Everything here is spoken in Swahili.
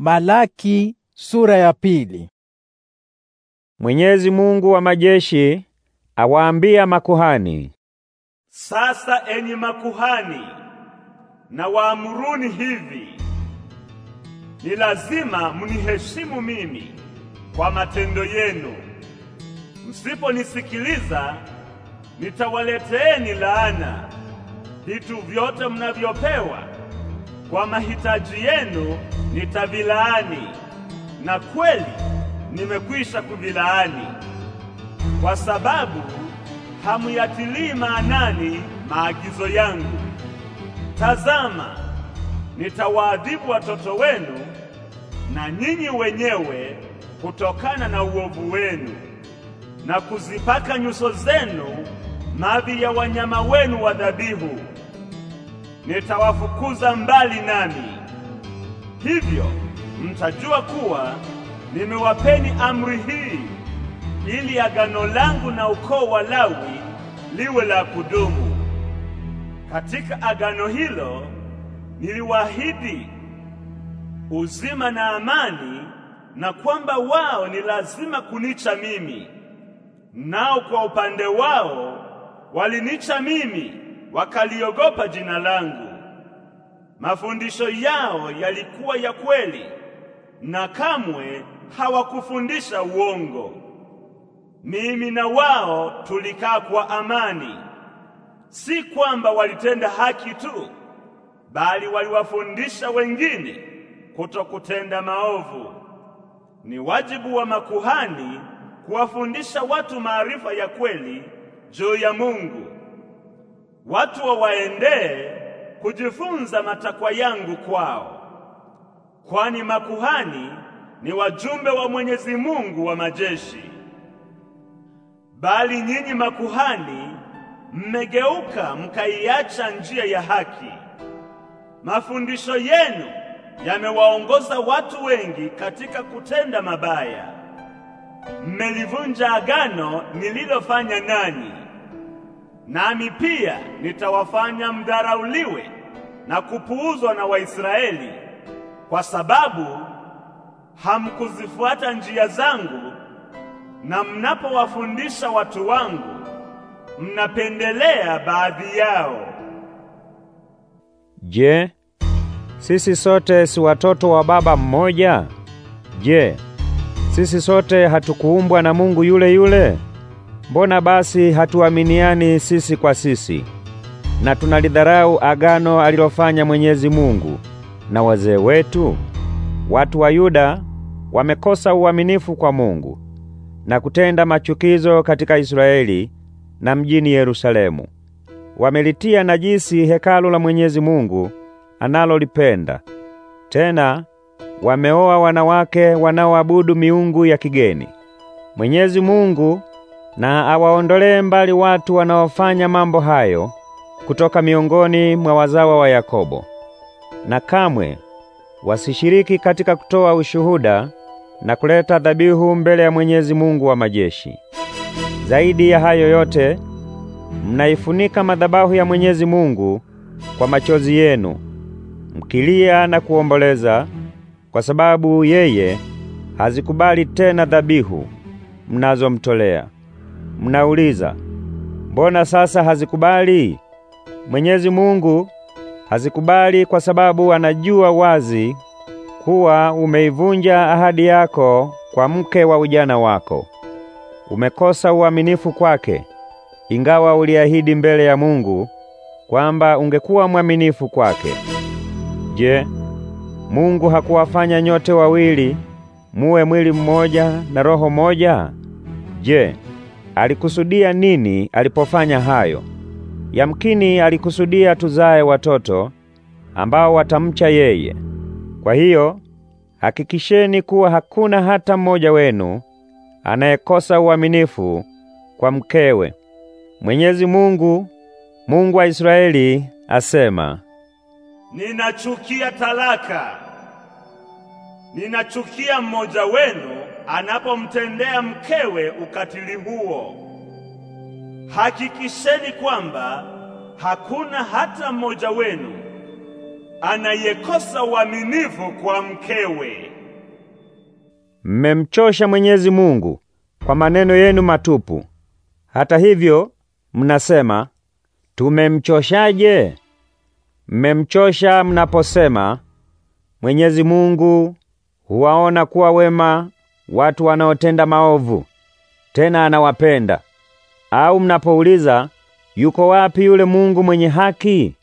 Malaki sura ya pili. Mwenyezi Mungu wa majeshi awaambia makuhani, sasa enyi makuhani, na waamuruni hivi: ni lazima muniheshimu mimi kwa matendo yenu. Msiponisikiliza, nitawaleteeni laana. Vitu vyote mnavyopewa kwa mahitaji yenu nitavilaani, na kweli nimekwisha kuvilaani, kwa sababu hamuyatilii maanani maagizo yangu. Tazama, nitawaadhibu watoto wenu na nyinyi wenyewe kutokana na uovu wenu, na kuzipaka nyuso zenu mavi ya wanyama wenu wa dhabihu. Nitawafukuza mbali nami Hivyo mtajua kuwa nimewapeni amri hii ili agano langu na ukoo wa Lawi liwe la kudumu. Katika agano hilo niliwaahidi uzima na amani, na kwamba wao ni lazima kunicha mimi, nao kwa upande wao walinicha mimi, wakaliogopa jina langu. Mafundisho yao yalikuwa ya kweli na kamwe hawakufundisha uongo. Mimi na wao tulikaa kwa amani. Si kwamba walitenda haki tu, bali waliwafundisha wengine kutokutenda maovu. Ni wajibu wa makuhani kuwafundisha watu maarifa ya kweli juu ya Mungu. Watu wawaendee kujifunza matakwa yangu kwao, kwani makuhani ni wajumbe wa Mwenyezi Mungu wa majeshi. Bali nyinyi makuhani mmegeuka mkaiacha njia ya haki. Mafundisho yenu yamewaongoza watu wengi katika kutenda mabaya. Mmelivunja agano nililofanya nanyi nami pia nitawafanya mdharauliwe na kupuuzwa na Waisraeli kwa sababu hamkuzifuata njia zangu, na mnapowafundisha watu wangu mnapendelea baadhi yao. Je, sisi sote si watoto wa baba mmoja? Je, sisi sote hatukuumbwa na Mungu yule yule? Mbona basi hatuaminiani sisi kwa sisi na tunalidharau agano alilofanya Mwenyezi Mungu na wazee wetu? Watu wa Yuda wamekosa uaminifu kwa Mungu na kutenda machukizo katika Israeli na mjini Yerusalemu. Wamelitia najisi hekalu la Mwenyezi Mungu analolipenda. Tena wameoa wanawake wanaoabudu miungu ya kigeni. Mwenyezi Mungu na awaondolee mbali watu wanaofanya mambo hayo kutoka miongoni mwa wazawa wa Yakobo, na kamwe wasishiriki katika kutoa ushuhuda na kuleta dhabihu mbele ya Mwenyezi Mungu wa majeshi. Zaidi ya hayo yote, mnaifunika madhabahu ya Mwenyezi Mungu kwa machozi yenu, mkilia na kuomboleza, kwa sababu yeye hazikubali tena dhabihu mnazomtolea. Mnauliza, mbona sasa hazikubali? Mwenyezi Mungu hazikubali kwa sababu anajua wazi kuwa umeivunja ahadi yako kwa mke wa ujana wako. Umekosa uaminifu kwake, ingawa uliahidi mbele ya Mungu kwamba ungekuwa mwaminifu kwake. Je, Mungu hakuwafanya nyote wawili muwe mwili mmoja na roho moja? Je, alikusudia nini alipofanya hayo? Yamkini alikusudia tuzae watoto ambao watamcha yeye. Kwa hiyo hakikisheni kuwa hakuna hata mmoja wenu anayekosa uaminifu kwa mkewe. Mwenyezi Mungu, Mungu wa Israeli, asema, ninachukia talaka, ninachukia mmoja wenu anapomtendea mkewe ukatili huo. Hakikisheni kwamba hakuna hata mmoja wenu anayekosa uaminifu kwa mkewe. Mmemchosha Mwenyezi Mungu kwa maneno yenu matupu. Hata hivyo mnasema, tumemchoshaje? Mmemchosha mnaposema Mwenyezi Mungu huwaona kuwa wema watu wanaotenda maovu, tena anawapenda. Au mnapouliza yuko wapi yule Mungu mwenye haki?